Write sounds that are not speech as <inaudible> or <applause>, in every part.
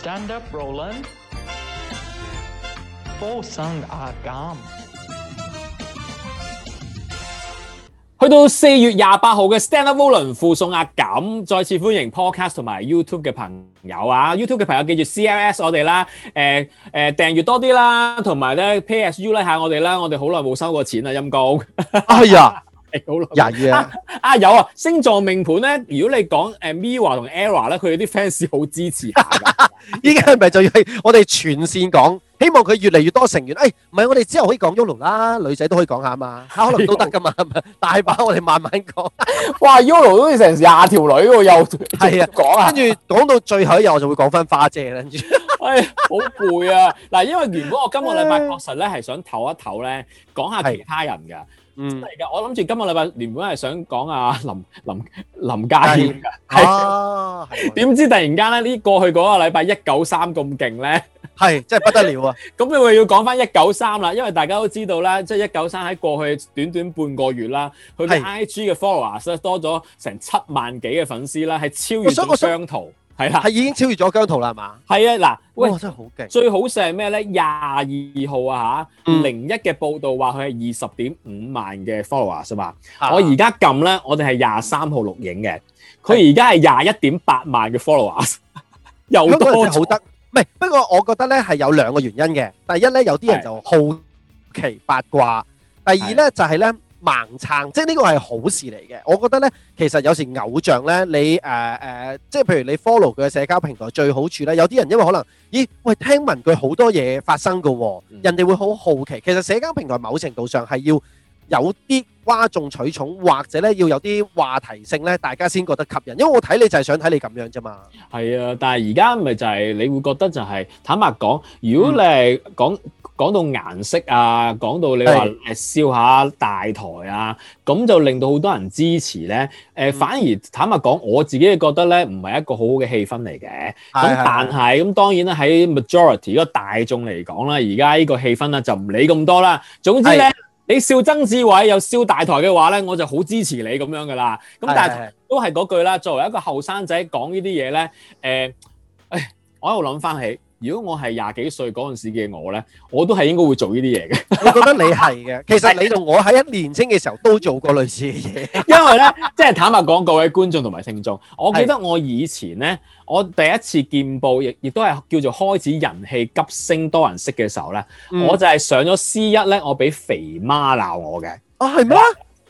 Stand up, Roland。附送阿錦。去到四月廿八號嘅 Stand up, Roland 附送阿錦。再次歡迎 Podcast 同埋 YouTube 嘅朋友啊！YouTube 嘅朋友記住 C L S 我哋啦，誒誒訂閲多啲啦，同埋咧 P S U 拉下我哋啦。我哋好耐冇收過錢啦，陰公。哎呀，好耐啊。有啊，星座命盤咧。如果你講誒 Mirror 同 Error 咧，佢哋啲 fans 好支持下。 <laughs> 依家係咪就要係我哋全綫講？希望佢越嚟越多成員。誒、哎，唔係我哋之後可以講 Yolo 啦，女仔都可以講下啊嘛，可能都得噶嘛。係咪？大把我哋慢慢講。哇，Yolo 都似成廿條女喎，又係啊講，跟住講到最後一日我就會講翻花姐啦。跟住，哎，好攰啊！嗱， <laughs> 因為原本我今個禮拜確實咧係想唞一唞咧，講下其他人噶。嗯，係噶、啊，我諗住今日禮拜原本係想講阿林林林家謙噶，係點知突然間咧呢過去嗰個禮拜一九三咁勁咧，係真係不得了啊！咁你 <laughs> 又要講翻一九三啦，因為大家都知道啦，即係一九三喺過去短短半個月啦，佢嘅是 IG 嘅 followers 咧多咗成七萬幾嘅粉絲啦，係超越咗張圖。係啦，係已經超越咗姜濤啦嘛？係啊，嗱，哇、哦、真係好勁！最好食係咩咧？廿二號啊吓，零一嘅報道話佢係二十點五萬嘅 followers 啊嘛。我而家撳咧，我哋係廿三號錄影嘅，佢而家係廿一點八萬嘅 followers，的又多好得。唔係，不過我覺得咧係有兩個原因嘅。第一咧，有啲人就好奇八卦；第二咧的就係咧。盲撐，即係呢個係好事嚟嘅。我覺得呢，其實有時偶像呢，你誒誒、呃，即係譬如你 follow 佢嘅社交平台，最好處呢，有啲人因為可能，咦喂，聽聞佢好多嘢發生㗎喎，人哋會好好奇。其實社交平台某程度上係要有啲嘩眾取寵，或者呢要有啲話題性呢，大家先覺得吸引。因為我睇你就係想睇你咁樣啫嘛。係啊，但係而家咪就係你會覺得就係、是、坦白講，如果你係講、嗯。講到顏色啊，講到你話誒燒下大台啊，咁的就令到好多人支持咧。誒、呃，嗯、反而坦白講，我自己嘅覺得咧，唔係一個好好嘅氣氛嚟嘅。咁的但係，咁、嗯、當然啦，喺 majority 嗰個大眾嚟講啦，而家呢個氣氛啊就唔理咁多啦。總之咧，的你笑曾志偉又燒大台嘅話咧，我就好支持你咁樣噶啦。咁、嗯、的但係都係嗰句啦，作為一個後生仔講呢啲嘢咧，誒、呃，我喺度諗翻起。如果我係廿幾歲嗰陣時嘅我咧，我都係應該會做呢啲嘢嘅。 <laughs> 我覺得你係嘅。其實你同我喺一年青嘅時候都做過類似嘅嘢。 <laughs> 因為咧，即係坦白講，各位觀眾同埋聽眾，我記得我以前咧，我第一次見報，亦亦都係叫做開始人氣急升、多人識嘅時候咧、嗯，我就係上咗 C 一咧，我俾肥媽鬧我嘅。啊，係咩？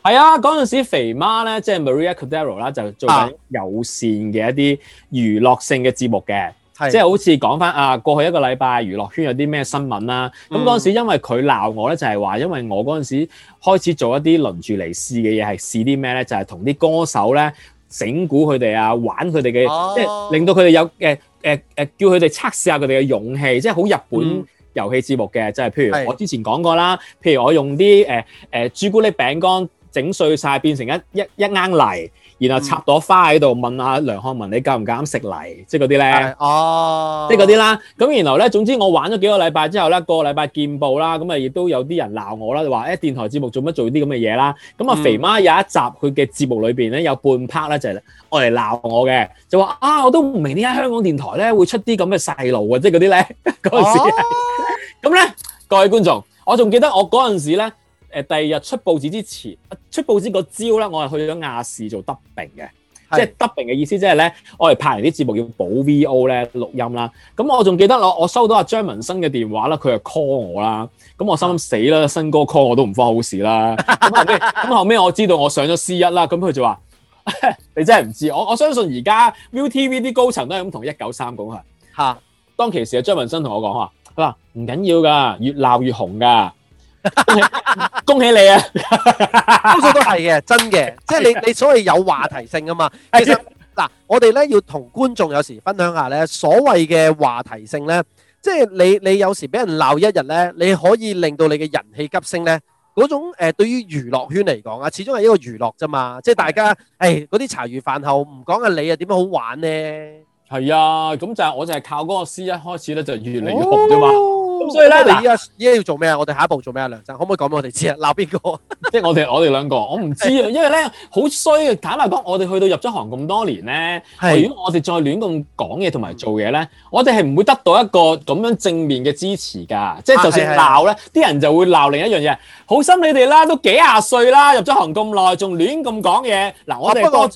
係啊，嗰陣時肥媽咧，即係 Maria Cordero 啦，就，是、ero, 就做緊有線嘅一啲娛樂性嘅節目嘅。即係好似講翻啊，過去一個禮拜娛樂圈有啲咩新聞啦、啊。咁嗰陣時因為佢鬧我咧，就係、是、話因為我嗰陣時開始做一啲輪住嚟試嘅嘢，係試啲咩咧？就係同啲歌手咧整蠱佢哋啊，玩佢哋嘅，哦、即係令到佢哋有誒誒誒，叫佢哋測試下佢哋嘅勇氣，即係好日本遊戲節目嘅，即係、嗯、譬如我之前講過啦，的譬如我用啲誒誒朱古力餅乾整碎晒，變成一一一罌泥，然後插朵花喺度問阿梁漢文你夠唔夠膽食泥？即係嗰啲咧，哦，即係嗰啲啦。咁然後咧，總之我玩咗幾個禮拜之後咧，個禮拜見報啦，咁啊亦都有啲人鬧我啦，就話誒電台節目做乜做啲咁嘅嘢啦。咁啊、嗯、肥媽有一集佢嘅節目裏邊咧有半 part 咧就係我嚟鬧我嘅，就話啊我都唔明點解香港電台咧會出啲咁嘅細路啊，即係嗰啲咧嗰陣時。咁咧，各位觀眾，我仲記得我嗰陣時咧。誒、呃、第日出報紙之前，出報紙個朝啦，我係去咗亞視做得 u 嘅，是即係得 u 嘅意思即係咧，我係拍人啲節目叫「保 VO 咧錄音啦。咁我仲記得我我收到阿張文生嘅電話啦，佢就 call 我啦。咁我心死啦，新哥 call 我都唔翻好事啦。咁 <laughs> 後尾，後我知道我上咗 C 一啦。咁佢就話： <laughs> 你真係唔知我我相信而家 v i e TV 啲高層都係咁同一九三講係。嚇！ <laughs> 當其時阿張文生同我講話，佢話唔緊要㗎，越鬧越紅㗎。恭喜你啊！多數都係嘅，真嘅，即係你你所謂有話題性啊嘛。其實嗱，我哋咧要同觀眾有時分享下咧，所謂嘅話題性咧，即係你你有時俾人鬧一日咧，你可以令到你嘅人氣急升咧。嗰種誒，對於娛樂圈嚟講啊，始終係一個娛樂啫嘛。即係大家誒，嗰啲茶餘飯後唔講啊，你啊點樣好玩咧？係啊，咁就係我就係靠嗰個詩一開始咧，就越嚟越紅啫嘛。所以咧，你依家依家要做咩啊？我哋下一步做咩啊？梁生，可唔可以講俾我哋知啊？鬧邊個？即係 <laughs> 我哋我哋兩個，我唔知啊。因為咧好衰啊！坦白講，我哋去到入咗行咁多年咧，係的如果我哋再亂咁講嘢同埋做嘢咧，我哋係唔會得到一個咁樣正面嘅支持噶。即係就算鬧咧，啲、啊、人就會鬧另一樣嘢。好心你哋啦，都幾廿歲啦，入咗行咁耐，仲亂咁講嘢。嗱、啊，我哋不過呢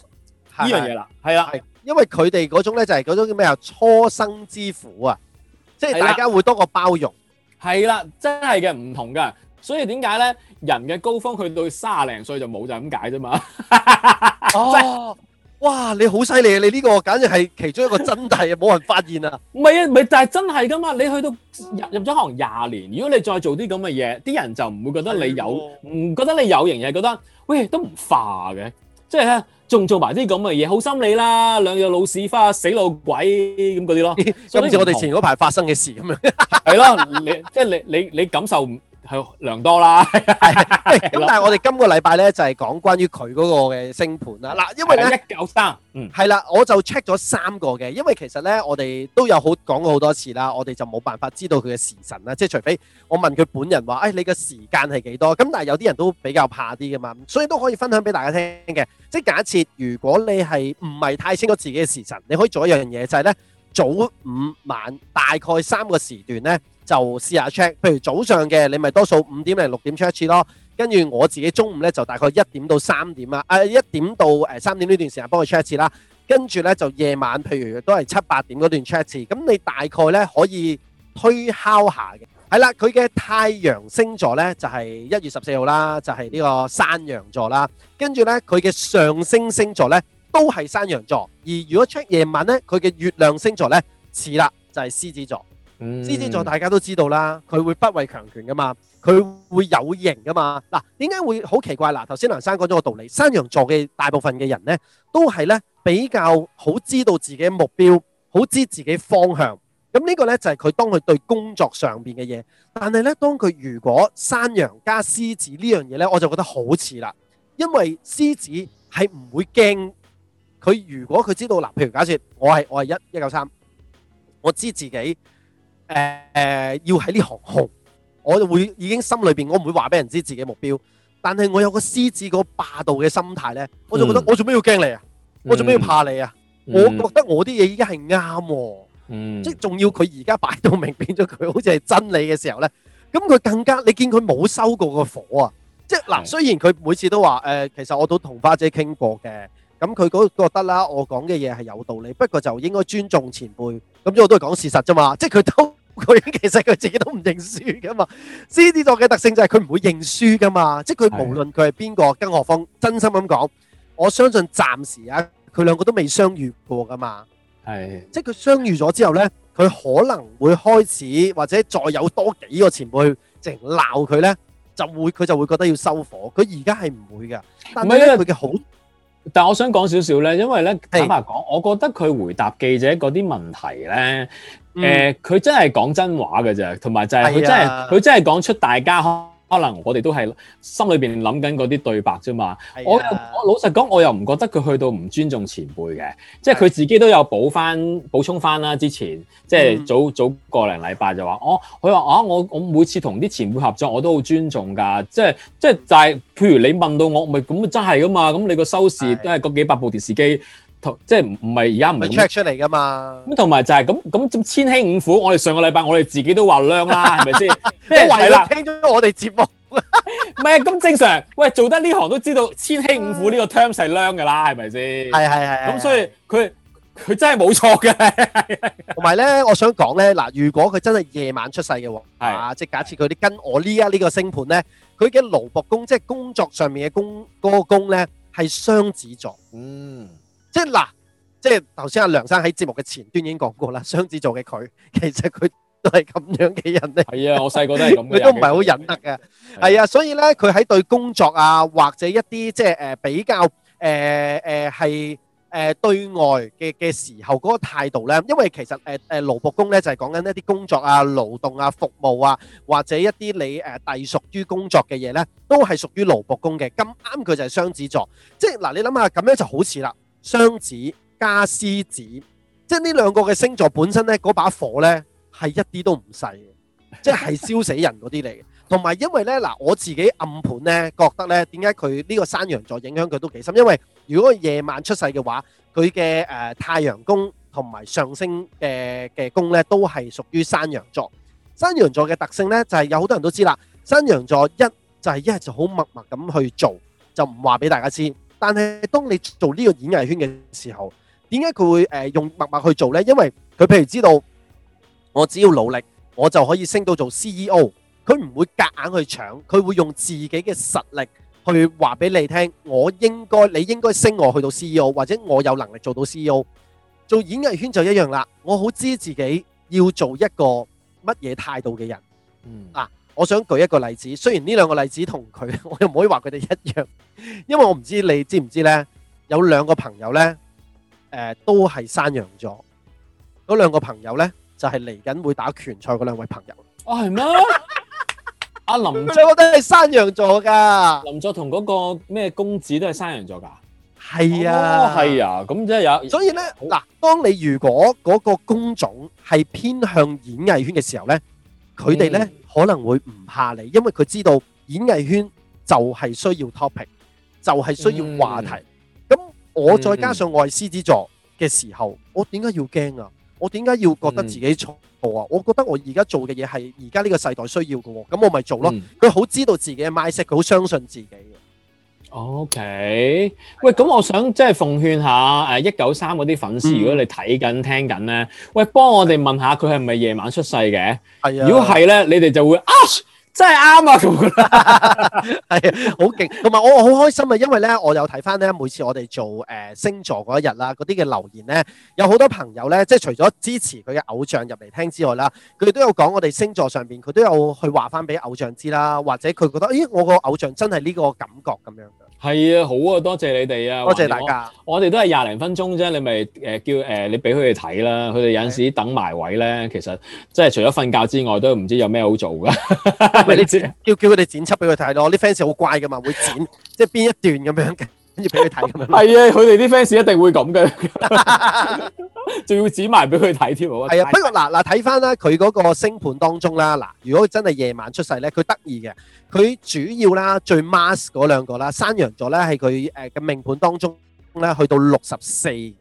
樣嘢啦，係啦，係的因為佢哋嗰種咧就係嗰種叫咩啊？初生之虎啊！即係大家會多個包容，係啦，真係嘅，唔同噶，所以點解咧？人嘅高峰去到卅零歲就冇就係、是、咁解啫嘛。 <laughs> 哦， <laughs> 哇，你好犀利啊！你呢、這個簡直係其中一個真諦啊，冇 <laughs> 人發現啊。唔係啊，唔係，但係真係噶嘛。你去到入咗行廿年，如果你再做啲咁嘅嘢，啲人就唔會覺得你有，唔的覺得你有型，而係覺得喂都唔化嘅。即係咧，仲做埋啲咁嘅嘢，好心理啦，兩隻老鼠花、死老鬼咁嗰啲咯，好似 <laughs> 我哋前嗰排發生嘅事咁樣，係 <laughs> 咯，你即係、即係、你你你感受唔？係良多啦，咁 <laughs> <laughs> 但係我哋今個禮拜咧就係講關於佢嗰個嘅星盤啦，嗱，因為咧一九三，嗯，係啦，我就 check 咗三個嘅，因為其實咧我哋都有好講過好多次啦，我哋就冇辦法知道佢嘅時辰啦，即係除非我問佢本人話，誒、哎，你嘅時間係幾多？咁但係有啲人都比較怕啲噶嘛，所以都可以分享俾大家聽嘅，即係假設如果你係唔係太清楚自己嘅時辰，你可以做一樣嘢就係、是、咧早午晚大概三個時段咧。就試下 check，譬如早上嘅你咪多數五點零六點 check 一次咯，跟住我自己中午呢，就大概一點到三點啦，啊一點到誒三點呢段時間幫佢 check 一次啦，跟住呢，就夜晚，譬如都係七八點嗰段 check 一次，咁你大概呢，可以推敲下嘅，係啦，佢嘅太陽星座呢，就係、是、一月十四號啦，就係、是、呢個山羊座啦，跟住呢，佢嘅上升星座呢，都係山羊座，而如果 check 夜晚呢，佢嘅月亮星座呢，似啦就係、是、獅子座。獅子，嗯、座大家都知道啦，佢會不畏強權噶嘛，佢會有型噶嘛。嗱，啊，點解會好奇怪？嗱，頭先梁生講咗個道理，山羊座嘅大部分嘅人呢，都係呢比較好知道自己目標，好知自己方向。咁，嗯、呢、呢個呢，就係、是、佢當佢對工作上邊嘅嘢，但係呢，當佢如果山羊加獅子呢樣嘢呢，我就覺得好似啦，因為獅子係唔會驚佢。如果佢知道嗱，譬如假設我係我係一一九三，我，我, 3，我知自己。誒誒、呃，要喺呢行紅，我就會已經心裏邊我唔會話俾人知自己目標，但係我有個獅子、嗰霸道嘅心態咧，我就覺得、嗯、我做咩要驚你啊？我做咩要怕你啊？嗯、我覺得我啲嘢已經係啱，嗯、即係仲要佢而家擺到明，變咗佢好似係真理嘅時候咧，咁佢更加你見佢冇收過個火啊！即係嗱，雖然佢每次都話誒、呃，其實我都同花姐傾過嘅，咁佢都覺得啦，我講嘅嘢係有道理，不過就應該尊重前輩，咁因為我都係講事實啫嘛，即係佢都。 <laughs> 佢其實佢自己都唔認輸噶嘛，獅子座嘅特性就係佢唔會認輸噶嘛，即係佢無論佢係邊個，更何況真心咁講，我相信暫時啊，佢兩個都未相遇過噶嘛。係，即係佢相遇咗之後咧，佢可能會開始或者再有多幾個前輩去整鬧佢咧，就會佢就會覺得要收火。佢而家係唔會嘅，但係咧，唔係因為佢嘅好。但係我想講少少咧，因為咧坦白講，我覺得佢回答記者嗰啲問題咧。誒，佢、嗯呃、真係講真話嘅啫，同埋就係佢真係佢、哎、呀真係講出大家可能我哋都係心裏邊諗緊嗰啲對白啫嘛。哎、呀我我老實講，我又唔覺得佢去到唔尊重前輩嘅，即係佢自己都有補翻補充翻啦。之前即係早早個零禮拜就話哦，佢話、嗯、啊、啊，我我每次同啲前輩合作我都好尊重㗎，即係即係就係、是、譬如你問到我咪咁真係㗎嘛，咁你個收視都係嗰幾百部電視機。即係唔唔係而家唔係 check 出嚟噶嘛，咁同埋就係咁咁千禧五虎，我哋上個禮拜我哋自己都話靚啦，係咪先？因為啦，聽咗我哋節目，唔係咁正常。喂，做得呢行都知道千禧五虎呢個 terms 係靚噶啦，係咪先？係係係咁，是是 <laughs> 所以佢佢真係冇錯嘅。同埋咧，我想講咧嗱，如果佢真係夜晚出世嘅話， <laughs> 啊，即係假設佢啲跟我呢一呢個星盤咧，佢嘅勞勃工即係工作上面嘅工嗰個工咧係雙子座，嗯。即係嗱，即係頭先阿梁生喺節目嘅前端已經講過啦，雙子座嘅佢，其實佢都係咁樣嘅人咧。係啊，我細個都係咁嘅。佢都唔係好忍得嘅。係啊，所以咧，佢喺對工作啊，或者一啲即係誒比較誒誒係誒對外嘅嘅時候嗰個態度咧，因為其實誒誒勞僕宮咧就係講緊一啲工作啊、勞動啊、服務啊，或者一啲你誒隸屬於工作嘅嘢咧，都係屬於勞僕宮嘅。咁啱佢就係雙子座，即係嗱，你諗下咁樣就好似啦。雙子加獅子，即係呢兩個嘅星座本身呢，嗰把火呢係一啲都唔細嘅，即係燒死人嗰啲嚟嘅。同埋因為呢嗱，我自己暗盤呢覺得呢，點解佢呢個山羊座影響佢都幾深？因為如果佢夜晚出世嘅話，佢嘅誒太陽宮同埋上升嘅嘅宮呢都係屬於山羊座。山羊座嘅特性呢就係有好多人都知啦，山羊座一就係一係就好默默咁去做，就唔話俾大家知。但係當你做呢個演藝圈嘅時候，點解佢會誒用默默去做呢？因為佢譬如知道我只要努力，我就可以升到做 CEO。佢唔會夾硬去搶，佢會用自己嘅實力去話俾你聽，我應該你應該升我去到 CEO，或者我有能力做到 CEO。做演藝圈就一樣啦，我好知自己要做一個乜嘢態度嘅人，嗯啊。我想舉一個例子，雖然呢兩個例子同佢，我又唔可以話佢哋一樣，因為我唔知你知唔知咧，有兩個朋友咧，誒、呃、都係山羊座，嗰兩個朋友咧就係嚟緊會打拳賽嗰兩位朋友。哦、啊，係咩？阿、 <laughs> 啊、林作都係山羊座噶。林作同嗰個咩公子都係山羊座噶。係啊，係啊，咁、啊、即係有。所以咧，嗱好，當你如果嗰個工種係偏向演藝圈嘅時候咧。佢哋呢可能會唔怕你，因為佢知道演藝圈就係需要 topic，就係需要話題。咁、嗯、我再加上我係獅子座嘅時候，嗯、我點解要驚啊？我點解要覺得自己錯啊？嗯、我覺得我而家做嘅嘢係而家呢個世代需要嘅喎，咁我咪做咯。佢好、嗯、知道自己嘅 mindset，佢好相信自己。OK，喂，咁我想即係奉勸下一九三嗰啲粉絲，嗯、如果你睇緊聽緊咧，喂，幫我哋問下佢係唔係夜晚出世嘅？哎、呦如果係呢，你哋就會啊！真係啱啊，係啊，好勁，同埋我好開心啊，因為咧，我有睇翻咧，每次我哋做誒、呃、星座嗰一日啦，嗰啲嘅留言咧，有好多朋友咧，即係除咗支持佢嘅偶像入嚟聽之外啦，佢哋都有講我哋星座上面，佢都有去話翻俾偶像知啦，或者佢覺得，咦，我個偶像真係呢個感覺咁樣嘅。係啊，好啊，多謝你哋啊，多謝大家。我哋都係廿零分鐘啫，你咪誒、呃、叫誒、呃，你俾佢哋睇啦，佢哋有陣時等埋位咧，其實即係除咗瞓覺之外，都唔知有咩好做噶。 <laughs> 咪你剪，叫叫佢哋剪輯俾佢睇咯。啲 fans 好怪噶嘛，會剪即係邊一段咁樣嘅，跟住俾佢睇咁樣。係啊，佢哋啲 fans 一定會咁嘅，仲要剪埋俾佢睇添。係啊，不過嗱嗱睇翻啦，佢嗰個星盤當中啦，嗱，如果真係夜晚出世咧，佢得意嘅，佢主要啦最 mask 嗰兩個啦，山羊座咧係佢誒嘅命盤當中咧去到六十四嘅，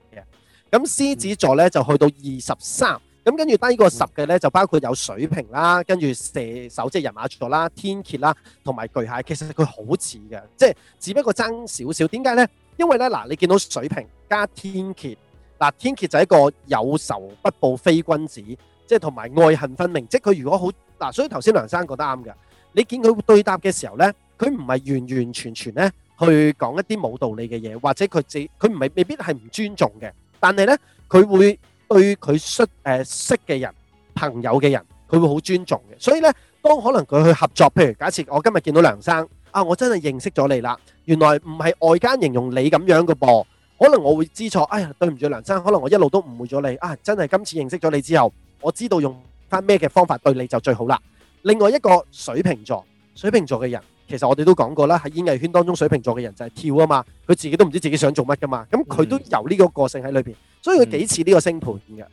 咁獅子座咧就去到二十三。咁跟住低過十嘅咧，就包括有水瓶啦，跟住射手即係人馬座啦、天蠍啦，同埋巨蟹。其實佢好似嘅，即係只不過爭少少。點解咧？因為咧嗱，你見到水瓶加天蠍，嗱，天蠍就係一個有仇不報非君子，即係同埋愛恨分明。即係佢如果好嗱，所以頭先梁生覺得啱嘅。你見佢對答嘅時候咧，佢唔係完完全全咧去講一啲冇道理嘅嘢，或者佢自佢唔係未必係唔尊重嘅，但係咧佢會。對佢識誒識嘅人、朋友嘅人，佢會好尊重嘅。所以呢，當可能佢去合作，譬如假設我今日見到梁生，啊，我真係認識咗你啦，原來唔係外間形容你咁樣嘅噃，可能我會知錯，哎呀，對唔住梁生，可能我一路都誤會咗你，啊，真係今次認識咗你之後，我知道用返咩嘅方法對你就最好啦。另外一個水瓶座，水瓶座嘅人。其實我哋都講過啦，喺演藝圈當中，水瓶座嘅人就係跳啊嘛，佢自己都唔知自己想做乜噶嘛，咁佢都有呢個個性喺裏邊，所以佢幾似呢個星盤嘅。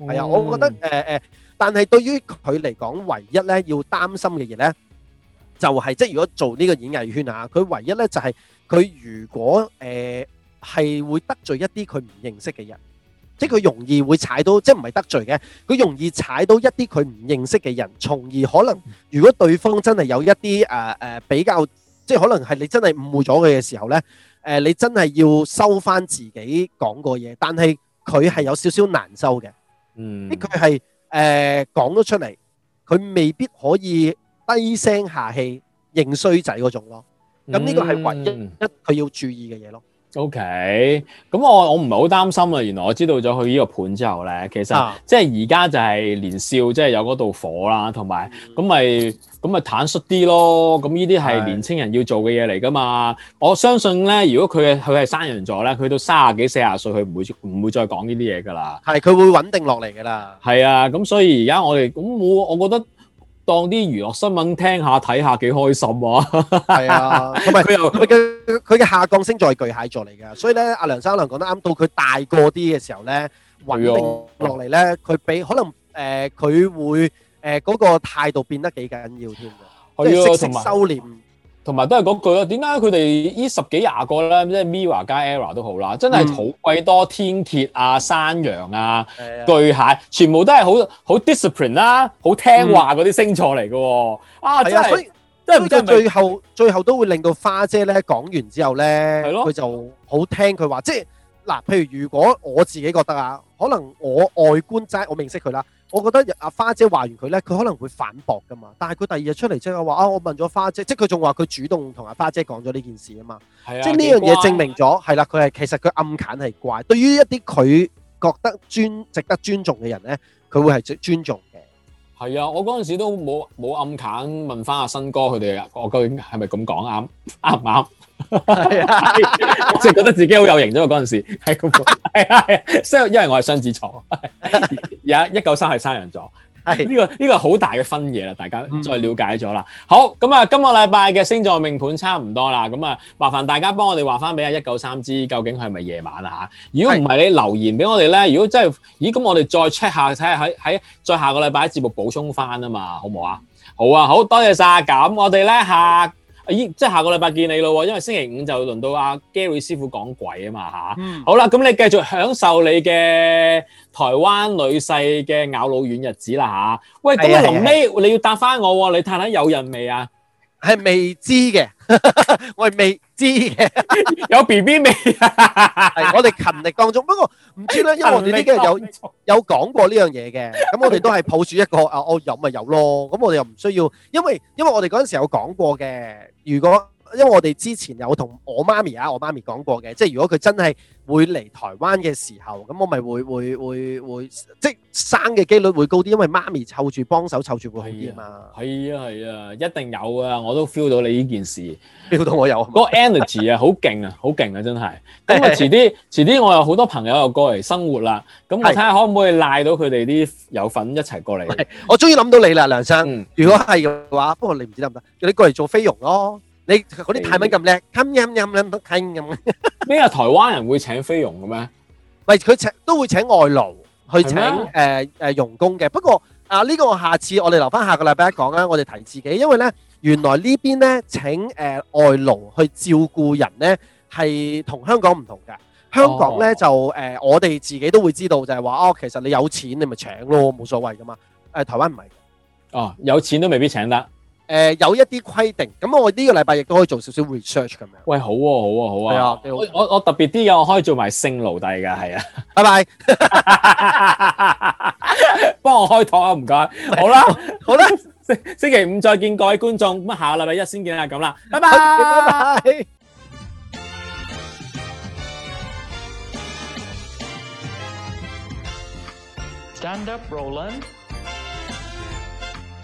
係啊，我覺得誒誒，但係對於佢嚟講，唯一咧要擔心嘅嘢咧，就係即係如果做呢個演藝圈啊，佢唯一咧就係佢如果誒係會得罪一啲佢唔認識嘅人。即佢容易會踩到，即係唔係得罪嘅，佢容易踩到一啲佢唔認識嘅人，從而可能如果對方真係有一啲誒誒比較，即係可能係你真係誤會咗佢嘅時候呢，誒、呃、你真係要收翻自己講過嘢，但係佢係有少少難收嘅，嗯，即係佢係誒講咗出嚟，佢未必可以低聲下氣認衰仔嗰種咯，咁呢個係唯一一佢要注意嘅嘢咯。嗯 O K，咁我我唔係好擔心啊！原來我知道咗佢呢個盤之後咧，其實、啊、即係而家就係年少，即、就、係、是、有嗰度火啦，同埋咁咪咁咪坦率啲咯。咁呢啲係年青人要做嘅嘢嚟噶嘛！我相信咧，如果佢嘅佢係山人座咧，佢到三十幾四十歲，佢唔會唔會再講呢啲嘢噶啦。係，佢會穩定落嚟噶啦。係啊，咁所以而家我哋咁我我覺得。當啲娛樂新聞聽下睇下幾開心啊，係啊，唔係佢又佢嘅佢嘅下降星座在巨蟹座嚟嘅，所以咧，阿梁生亮講得啱，到佢大個啲嘅時候咧，穩定落嚟咧，佢比可能誒佢、呃、會誒嗰、呃那個態度變得幾緊要添。嘅、啊，即係適時收斂。同埋都係嗰句咯，點解佢哋呢十幾廿個咧，即係 MIRROR 加 ERROR 都好啦，真係好鬼多天蠍啊、山羊啊、的巨蟹，全部都係好好 discipline 啦，好、啊、聽話嗰啲星座嚟㗎喎。啊，真係即係而家最後最後都會令到花姐咧講完之後咧，佢的就好聽佢話，即係嗱，譬如如果我自己覺得啊，可能我外觀齋，我認識佢啦。我覺得阿花姐話完佢咧，佢可能會反駁㗎嘛，但係佢第二日出嚟即係話啊，我問咗花姐，即係佢仲話佢主動同阿花姐講咗呢件事啊嘛，即係呢樣嘢證明咗係啦，佢係乖、啊、其實佢暗揀係怪，對於一啲佢覺得尊值得尊重嘅人咧，佢會係尊尊重嘅。係啊，我嗰陣時都冇冇暗砍問翻阿新哥佢哋啊，我究竟係咪咁講啱啱唔啱？係啊，即係 <laughs> <laughs> <laughs> 覺得自己好有型咗嗰陣時，係咁講，係啊，雙因為我係雙子座，有一一九三係山羊座。係呢、這個呢、這個好大嘅分野啦，大家再了解咗啦。嗯、好咁啊、嗯，今個禮拜嘅星座命盤差唔多啦。咁、嗯、啊，麻煩大家幫我哋話翻俾阿一九三知，究竟係咪夜晚啊吓？如果唔係，是你留言俾我哋咧。如果真係，咦咁我哋再 check 下睇下喺喺再下個禮拜節目補充翻啊嘛，好唔好啊？好啊，好多謝晒。咁我哋咧下。咦，即係下個禮拜見你咯，因為星期五就輪到阿 Gary 師傅講鬼啊嘛，吓、啊，嗯、好啦，咁你繼續享受你嘅台灣女婿嘅咬老院日子啦，吓、啊，喂，咁阿臨尾你要答翻我，你睇下有人未啊？係未知嘅， <laughs> <laughs> <laughs> 我係未知嘅，有 B B 未？係，我哋勤力當中，不過唔知咧，因為我哋呢幾日有 <laughs> 有講過呢樣嘢嘅，咁我哋都係抱住一個啊，我、哦、有咪有咯，咁我哋又唔需要，因為因為我哋嗰陣時有講過嘅，如果因為我哋之前有同我媽咪啊，我媽咪講過嘅，即係如果佢真係會嚟台灣嘅時候，咁我咪會會會會，即生嘅機率會高啲，因為媽咪湊住幫手湊住會好啲啊嘛。係啊係啊，一定有啊，我都 feel 到你呢件事，feel 到我有。嗰個 energy 啊，好勁啊，好勁啊，真係。咁啊，遲啲遲啲，我有好多朋友又過嚟生活啦。咁我睇下可唔可以賴到佢哋啲有份一齊過嚟。我終於諗到你啦，梁生。如果係嘅話，不過你唔知得唔得？你過嚟做菲傭咯。你嗰啲泰文咁叻，噉噉噉噉得聽咁咩？係台灣人會請菲傭嘅咩？唔佢請都會請外勞去請誒誒傭工嘅。不過啊，呢、呢個下次我哋留翻下,下個禮拜一講啦，我哋提自己，因為咧原來邊呢邊咧請誒、呃、外勞去照顧人咧，係同香港唔同嘅。香港咧、哦、就誒、呃，我哋自己都會知道就，就係話哦，其實你有錢你咪請咯，冇所謂噶嘛。誒、呃，台灣唔係。哦，有錢都未必請得。誒有一啲規定，咁我呢個禮拜亦都可以做少少 research 咁樣。喂，好喎，好喎，好啊！我我特別啲嘢，我可以做埋性奴隸㗎，係啊！拜拜，幫我開台啊，唔該。好啦，好啦，星星期五再見各位觀眾，咁下個禮拜一先見啦，咁啦，拜拜，拜拜。Stand up, Roland.